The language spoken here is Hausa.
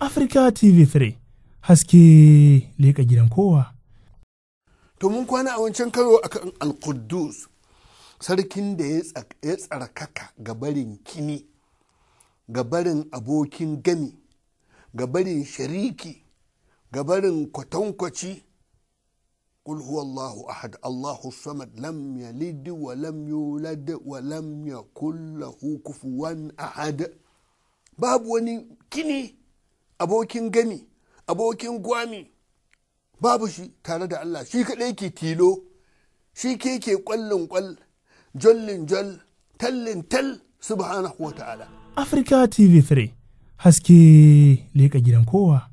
Africa TV3 haske leƙa gidan kowa. To mun kwana a wancan karo akan Al-Quddus sarkin da ya tsarkaka barin kini, ga barin abokin gami, ga gabarin shariki, gabarin kwatankwaci. Allahu ahad allahu samad lam yalid wa lam yulad wa lam yakul lahu kufuwan ahad babu wani kini. abokin gami abokin gwami babu shi tare da Allah shi kaɗai ke tilo shi ke ke ƙwallin ƙwal jollin jol tallin tal subhanahu wa ta'ala Africa TV 3 haske leƙa gidan kowa